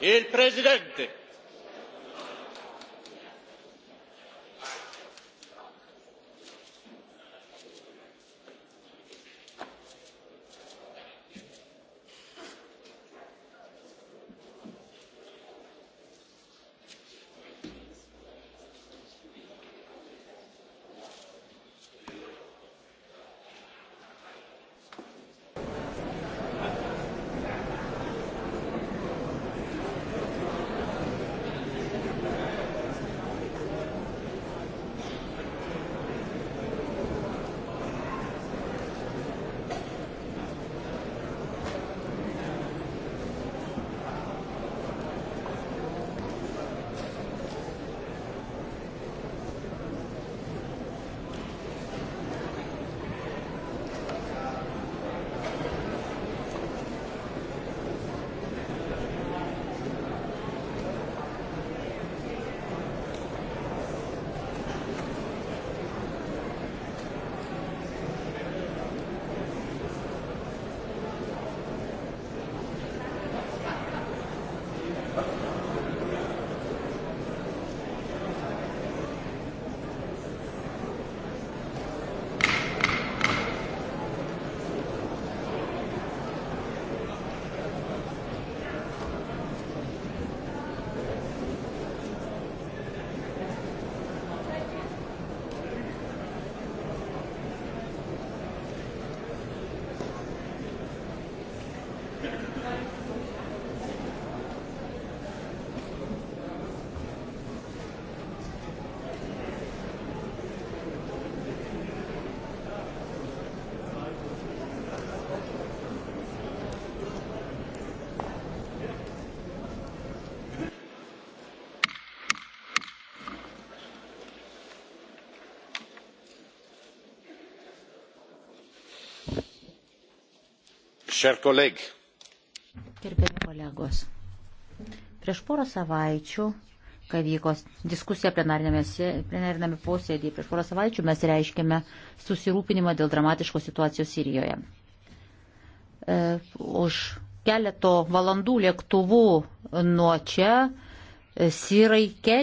il presidente Gerbiami kolegos, prieš porą savaičių, kai vyko diskusija plenarinėme posėdėje, prieš porą savaičių mes reiškėme susirūpinimą dėl dramatiškos situacijos Sirijoje. E, už keleto valandų lėktuvų nuo čia e, Sirai kenčia.